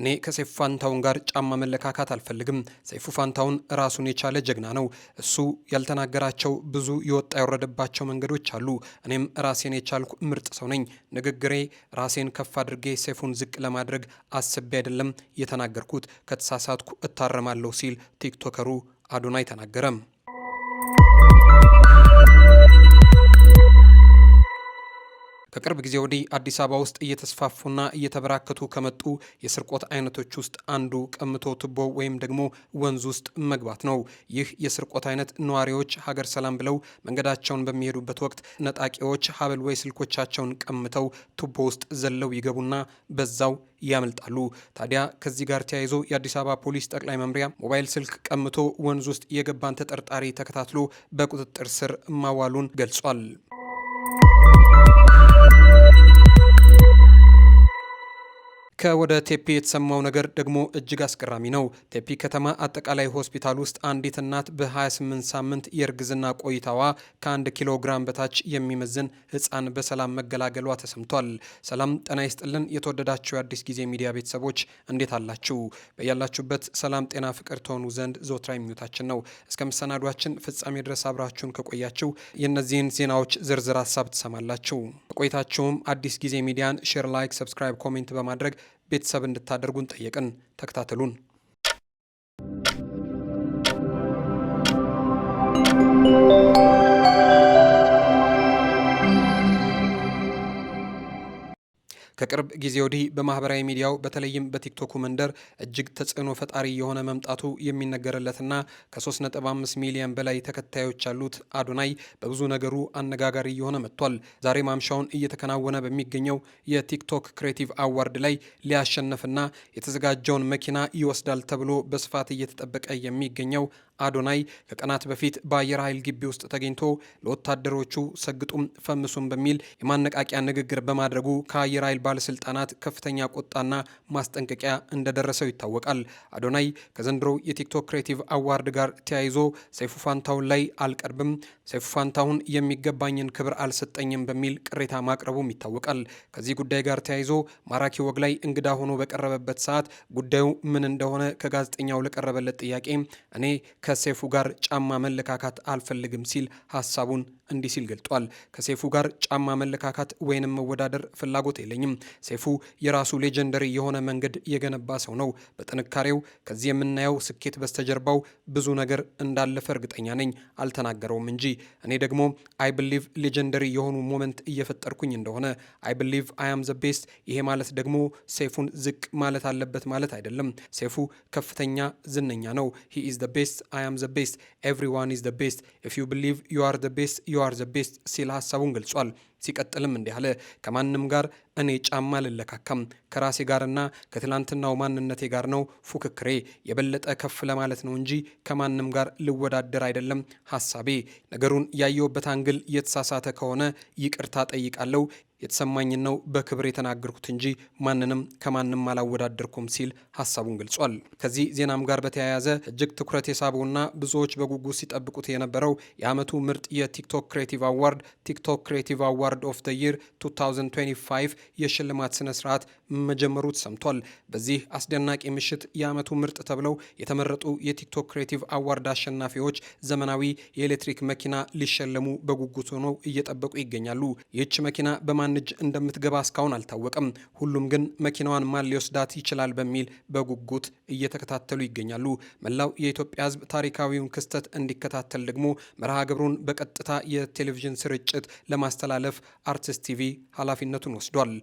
እኔ ከሰይፉ ፋንታውን ጋር ጫማ መለካካት አልፈልግም። ሰይፉ ፋንታውን ራሱን የቻለ ጀግና ነው። እሱ ያልተናገራቸው ብዙ የወጣ ያወረደባቸው መንገዶች አሉ። እኔም ራሴን የቻልኩ ምርጥ ሰው ነኝ። ንግግሬ ራሴን ከፍ አድርጌ ሰይፉን ዝቅ ለማድረግ አስቤ አይደለም የተናገርኩት። ከተሳሳትኩ እታረማለሁ ሲል ቲክቶከሩ አዶናይ ተናገረም። ከቅርብ ጊዜ ወዲህ አዲስ አበባ ውስጥ እየተስፋፉና እየተበራከቱ ከመጡ የስርቆት አይነቶች ውስጥ አንዱ ቀምቶ ቱቦ ወይም ደግሞ ወንዝ ውስጥ መግባት ነው። ይህ የስርቆት አይነት ነዋሪዎች ሀገር ሰላም ብለው መንገዳቸውን በሚሄዱበት ወቅት ነጣቂዎች ሀብል ወይ ስልኮቻቸውን ቀምተው ቱቦ ውስጥ ዘለው ይገቡና በዛው ያመልጣሉ። ታዲያ ከዚህ ጋር ተያይዞ የአዲስ አበባ ፖሊስ ጠቅላይ መምሪያ ሞባይል ስልክ ቀምቶ ወንዝ ውስጥ የገባን ተጠርጣሪ ተከታትሎ በቁጥጥር ስር ማዋሉን ገልጿል። ከወደ ቴፒ የተሰማው ነገር ደግሞ እጅግ አስገራሚ ነው። ቴፒ ከተማ አጠቃላይ ሆስፒታል ውስጥ አንዲት እናት በ28 ሳምንት የእርግዝና ቆይታዋ ከአንድ ኪሎ ግራም በታች የሚመዝን ሕፃን በሰላም መገላገሏ ተሰምቷል። ሰላም ጤና ይስጥልን። የተወደዳችሁ የአዲስ ጊዜ ሚዲያ ቤተሰቦች እንዴት አላችሁ? በያላችሁበት ሰላም፣ ጤና፣ ፍቅር ተሆኑ ዘንድ ዘወትር ምኞታችን ነው። እስከ መሰናዷችን ፍጻሜ ድረስ አብራችሁን ከቆያችሁ የእነዚህን ዜናዎች ዝርዝር ሀሳብ ትሰማላችሁ። በቆይታችሁም አዲስ ጊዜ ሚዲያን ሼር፣ ላይክ፣ ሰብስክራይብ፣ ኮሜንት በማድረግ ቤተሰብ እንድታደርጉን ጠየቅን። ተከታተሉን። ከቅርብ ጊዜ ወዲህ በማህበራዊ ሚዲያው በተለይም በቲክቶኩ መንደር እጅግ ተጽዕኖ ፈጣሪ የሆነ መምጣቱ የሚነገርለትና ከ3.5 ሚሊዮን በላይ ተከታዮች ያሉት አዶናይ በብዙ ነገሩ አነጋጋሪ የሆነ መጥቷል። ዛሬ ማምሻውን እየተከናወነ በሚገኘው የቲክቶክ ክሬቲቭ አዋርድ ላይ ሊያሸንፍና የተዘጋጀውን መኪና ይወስዳል ተብሎ በስፋት እየተጠበቀ የሚገኘው አዶናይ ከቀናት በፊት በአየር ኃይል ግቢ ውስጥ ተገኝቶ ለወታደሮቹ ሰግጡም ፈምሱም በሚል የማነቃቂያ ንግግር በማድረጉ ከአየር ኃይል ባለስልጣናት ከፍተኛ ቁጣና ማስጠንቀቂያ እንደደረሰው ይታወቃል። አዶናይ ከዘንድሮው የቲክቶክ ክሬቲቭ አዋርድ ጋር ተያይዞ ሰይፉ ፋንታሁን ላይ አልቀርብም፣ ሰይፉ ፋንታሁን የሚገባኝን ክብር አልሰጠኝም በሚል ቅሬታ ማቅረቡም ይታወቃል። ከዚህ ጉዳይ ጋር ተያይዞ ማራኪ ወግ ላይ እንግዳ ሆኖ በቀረበበት ሰዓት ጉዳዩ ምን እንደሆነ ከጋዜጠኛው ለቀረበለት ጥያቄ እኔ ከሴፉ ጋር ጫማ መለካካት አልፈልግም ሲል ሀሳቡን እንዲህ ሲል ገልጧል። ከሴፉ ጋር ጫማ መለካካት ወይንም መወዳደር ፍላጎት የለኝም። ሴፉ የራሱ ሌጀንደሪ የሆነ መንገድ የገነባ ሰው ነው። በጥንካሬው ከዚህ የምናየው ስኬት በስተጀርባው ብዙ ነገር እንዳለፈ እርግጠኛ ነኝ። አልተናገረውም እንጂ እኔ ደግሞ አይ ብሊቭ ሌጀንደሪ የሆኑ ሞመንት እየፈጠርኩኝ እንደሆነ አይ ብሊቭ አይ አም ዘ ቤስት። ይሄ ማለት ደግሞ ሴፉን ዝቅ ማለት አለበት ማለት አይደለም። ሴፉ ከፍተኛ ዝነኛ ነው። ሂ ኢዝ ዘ ቤስት፣ አይ አም ዘ ቤስት፣ ኤቭሪዋን ኢዝ ዘ ቤስት፣ ኢፍ ዩ ብሊቭ ዩ አር ዘ ቤስት ዩ አር ዘ ቤስት ሲል ሀሳቡን ገልጿል። ሲቀጥልም እንዲህ አለ። ከማንም ጋር እኔ ጫማ ልለካካም ከራሴ ጋርና ከትላንትናው ማንነቴ ጋር ነው ፉክክሬ። የበለጠ ከፍ ለማለት ነው እንጂ ከማንም ጋር ልወዳደር አይደለም ሀሳቤ። ነገሩን ያየውበት አንግል የተሳሳተ ከሆነ ይቅርታ ጠይቃለሁ። የተሰማኝን ነው በክብር የተናገርኩት እንጂ ማንንም ከማንም አላወዳደርኩም ሲል ሀሳቡን ገልጿል። ከዚህ ዜናም ጋር በተያያዘ እጅግ ትኩረት የሳበውና ብዙዎች በጉጉት ሲጠብቁት የነበረው የዓመቱ ምርጥ የቲክቶክ ክሬቲቭ አዋርድ ቲክቶክ ክሬቲቭ አዋርድ ኦፍ ዘ ይር 2025 የሽልማት ስነ ስርዓት መጀመሩ ተሰምቷል። በዚህ አስደናቂ ምሽት የዓመቱ ምርጥ ተብለው የተመረጡ የቲክቶክ ክሬቲቭ አዋርድ አሸናፊዎች ዘመናዊ የኤሌክትሪክ መኪና ሊሸለሙ በጉጉት ሆነው እየጠበቁ ይገኛሉ። ይህች መኪና በማ በማን እጅ እንደምትገባ እስካሁን አልታወቀም። ሁሉም ግን መኪናዋን ማን ሊወስዳት ይችላል በሚል በጉጉት እየተከታተሉ ይገኛሉ። መላው የኢትዮጵያ ሕዝብ ታሪካዊውን ክስተት እንዲከታተል ደግሞ መርሃ ግብሩን በቀጥታ የቴሌቪዥን ስርጭት ለማስተላለፍ አርቲስት ቲቪ ኃላፊነቱን ወስዷል።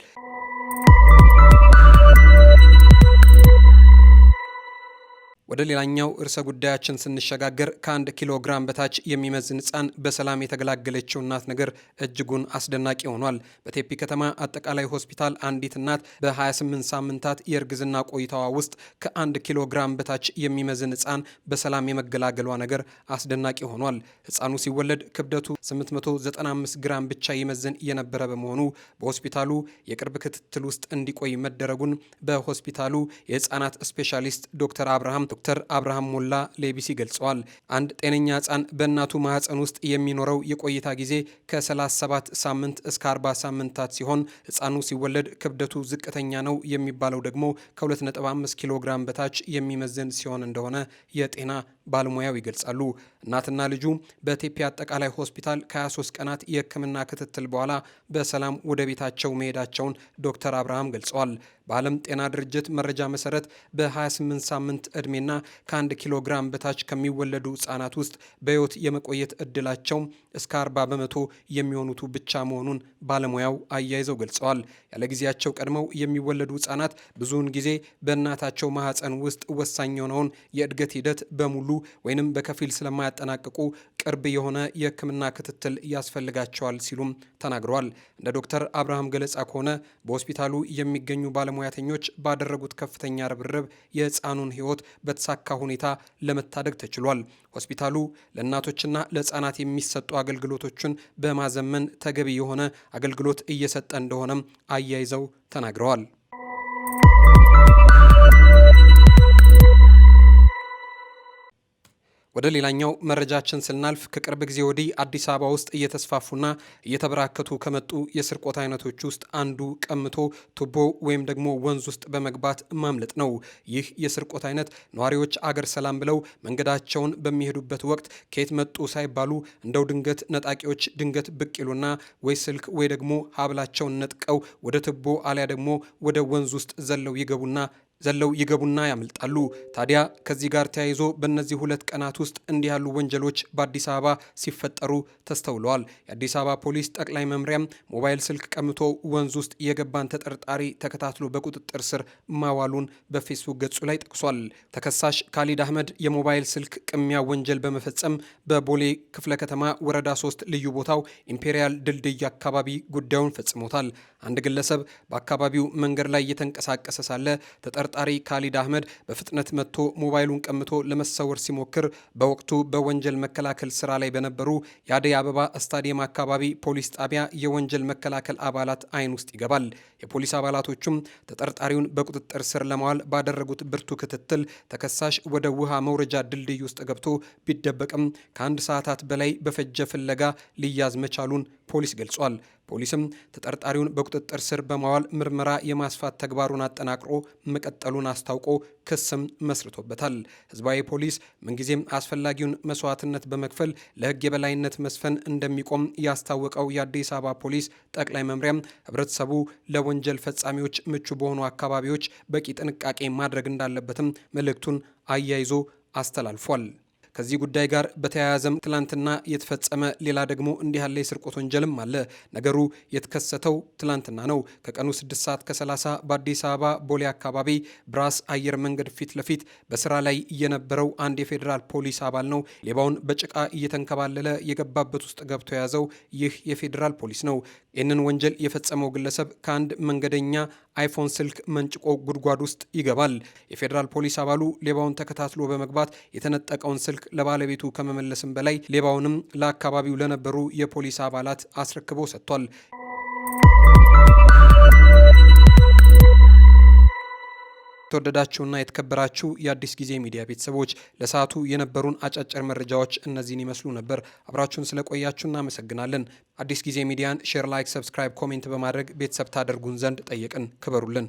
ወደ ሌላኛው ርዕሰ ጉዳያችን ስንሸጋገር ከአንድ ኪሎ ግራም በታች የሚመዝን ህፃን በሰላም የተገላገለችው እናት ነገር እጅጉን አስደናቂ ሆኗል። በቴፒ ከተማ አጠቃላይ ሆስፒታል አንዲት እናት በ28 ሳምንታት የእርግዝና ቆይታዋ ውስጥ ከአንድ ኪሎ ግራም በታች የሚመዝን ህፃን በሰላም የመገላገሏ ነገር አስደናቂ ሆኗል። ህፃኑ ሲወለድ ክብደቱ 895 ግራም ብቻ ይመዝን የነበረ በመሆኑ በሆስፒታሉ የቅርብ ክትትል ውስጥ እንዲቆይ መደረጉን በሆስፒታሉ የህፃናት ስፔሻሊስት ዶክተር አብርሃም ዶክተር አብርሃም ሞላ ለኢቢሲ ገልጸዋል። አንድ ጤነኛ ህፃን በእናቱ ማህፀን ውስጥ የሚኖረው የቆይታ ጊዜ ከ37 ሳምንት እስከ 40 ሳምንታት ሲሆን ህፃኑ ሲወለድ ክብደቱ ዝቅተኛ ነው የሚባለው ደግሞ ከ2.5 ኪሎ ግራም በታች የሚመዝን ሲሆን እንደሆነ የጤና ባለሙያው ይገልጻሉ። እናትና ልጁ በቴፒ አጠቃላይ ሆስፒታል ከ23 ቀናት የሕክምና ክትትል በኋላ በሰላም ወደ ቤታቸው መሄዳቸውን ዶክተር አብርሃም ገልጸዋል። በዓለም ጤና ድርጅት መረጃ መሰረት በ28 ሳምንት ዕድሜና ከ1 ኪሎ ግራም በታች ከሚወለዱ ህጻናት ውስጥ በሕይወት የመቆየት እድላቸው እስከ 40 በመቶ የሚሆኑቱ ብቻ መሆኑን ባለሙያው አያይዘው ገልጸዋል። ያለ ጊዜያቸው ቀድመው የሚወለዱ ህጻናት ብዙውን ጊዜ በእናታቸው ማህፀን ውስጥ ወሳኝ የሆነውን የእድገት ሂደት በሙሉ ወይንም በከፊል ስለማያጠናቅቁ ቅርብ የሆነ የሕክምና ክትትል ያስፈልጋቸዋል ሲሉም ተናግረዋል። እንደ ዶክተር አብርሃም ገለጻ ከሆነ በሆስፒታሉ የሚገኙ ባለሙያተኞች ባደረጉት ከፍተኛ ርብርብ የህፃኑን ህይወት በተሳካ ሁኔታ ለመታደግ ተችሏል። ሆስፒታሉ ለእናቶችና ለህፃናት የሚሰጡ አገልግሎቶችን በማዘመን ተገቢ የሆነ አገልግሎት እየሰጠ እንደሆነም አያይዘው ተናግረዋል። ወደ ሌላኛው መረጃችን ስናልፍ ከቅርብ ጊዜ ወዲህ አዲስ አበባ ውስጥ እየተስፋፉና እየተበራከቱ ከመጡ የስርቆት አይነቶች ውስጥ አንዱ ቀምቶ ቱቦ ወይም ደግሞ ወንዝ ውስጥ በመግባት ማምለጥ ነው። ይህ የስርቆት አይነት ነዋሪዎች አገር ሰላም ብለው መንገዳቸውን በሚሄዱበት ወቅት ከየት መጡ ሳይባሉ እንደው ድንገት ነጣቂዎች ድንገት ብቅ ይሉና ወይ ስልክ ወይ ደግሞ ሀብላቸውን ነጥቀው ወደ ቱቦ አሊያ ደግሞ ወደ ወንዝ ውስጥ ዘለው ይገቡና ዘለው ይገቡና ያመልጣሉ። ታዲያ ከዚህ ጋር ተያይዞ በእነዚህ ሁለት ቀናት ውስጥ እንዲህ ያሉ ወንጀሎች በአዲስ አበባ ሲፈጠሩ ተስተውለዋል። የአዲስ አበባ ፖሊስ ጠቅላይ መምሪያም ሞባይል ስልክ ቀምቶ ወንዝ ውስጥ የገባን ተጠርጣሪ ተከታትሎ በቁጥጥር ስር ማዋሉን በፌስቡክ ገጹ ላይ ጠቅሷል። ተከሳሽ ካሊድ አህመድ የሞባይል ስልክ ቅሚያ ወንጀል በመፈጸም በቦሌ ክፍለ ከተማ ወረዳ ሶስት ልዩ ቦታው ኢምፔሪያል ድልድይ አካባቢ ጉዳዩን ፈጽሞታል። አንድ ግለሰብ በአካባቢው መንገድ ላይ እየተንቀሳቀሰ ሳለ ተጠርጣሪ ካሊድ አህመድ በፍጥነት መጥቶ ሞባይሉን ቀምቶ ለመሰወር ሲሞክር በወቅቱ በወንጀል መከላከል ስራ ላይ በነበሩ የአደይ አበባ ስታዲየም አካባቢ ፖሊስ ጣቢያ የወንጀል መከላከል አባላት አይን ውስጥ ይገባል። የፖሊስ አባላቶቹም ተጠርጣሪውን በቁጥጥር ስር ለማዋል ባደረጉት ብርቱ ክትትል ተከሳሽ ወደ ውሃ መውረጃ ድልድይ ውስጥ ገብቶ ቢደበቅም ከአንድ ሰዓታት በላይ በፈጀ ፍለጋ ሊያዝ መቻሉን ፖሊስ ገልጿል። ፖሊስም ተጠርጣሪውን በቁጥጥር ስር በማዋል ምርመራ የማስፋት ተግባሩን አጠናቅሮ መቀጠሉን አስታውቆ ክስም መስርቶበታል። ህዝባዊ ፖሊስ ምንጊዜም አስፈላጊውን መስዋዕትነት በመክፈል ለህግ የበላይነት መስፈን እንደሚቆም ያስታወቀው የአዲስ አበባ ፖሊስ ጠቅላይ መምሪያም ህብረተሰቡ ለወንጀል ፈጻሚዎች ምቹ በሆኑ አካባቢዎች በቂ ጥንቃቄ ማድረግ እንዳለበትም መልእክቱን አያይዞ አስተላልፏል። ከዚህ ጉዳይ ጋር በተያያዘም ትላንትና የተፈጸመ ሌላ ደግሞ እንዲህ ያለ የስርቆት ወንጀልም አለ። ነገሩ የተከሰተው ትላንትና ነው። ከቀኑ 6 ሰዓት ከ30 በአዲስ አበባ ቦሌ አካባቢ ብራስ አየር መንገድ ፊት ለፊት በስራ ላይ የነበረው አንድ የፌዴራል ፖሊስ አባል ነው ሌባውን በጭቃ እየተንከባለለ የገባበት ውስጥ ገብቶ የያዘው ይህ የፌዴራል ፖሊስ ነው። ይህንን ወንጀል የፈጸመው ግለሰብ ከአንድ መንገደኛ አይፎን ስልክ መንጭቆ ጉድጓድ ውስጥ ይገባል። የፌዴራል ፖሊስ አባሉ ሌባውን ተከታትሎ በመግባት የተነጠቀውን ስልክ ለባለቤቱ ከመመለስም በላይ ሌባውንም ለአካባቢው ለነበሩ የፖሊስ አባላት አስረክቦ ሰጥቷል። የተወደዳችሁና የተከበራችሁ የአዲስ ጊዜ ሚዲያ ቤተሰቦች ለሰዓቱ የነበሩን አጫጭር መረጃዎች እነዚህን ይመስሉ ነበር። አብራችሁን ስለቆያችሁ እናመሰግናለን። አዲስ ጊዜ ሚዲያን ሼር፣ ላይክ፣ ሰብስክራይብ፣ ኮሜንት በማድረግ ቤተሰብ ታደርጉን ዘንድ ጠየቅን። ክበሩልን።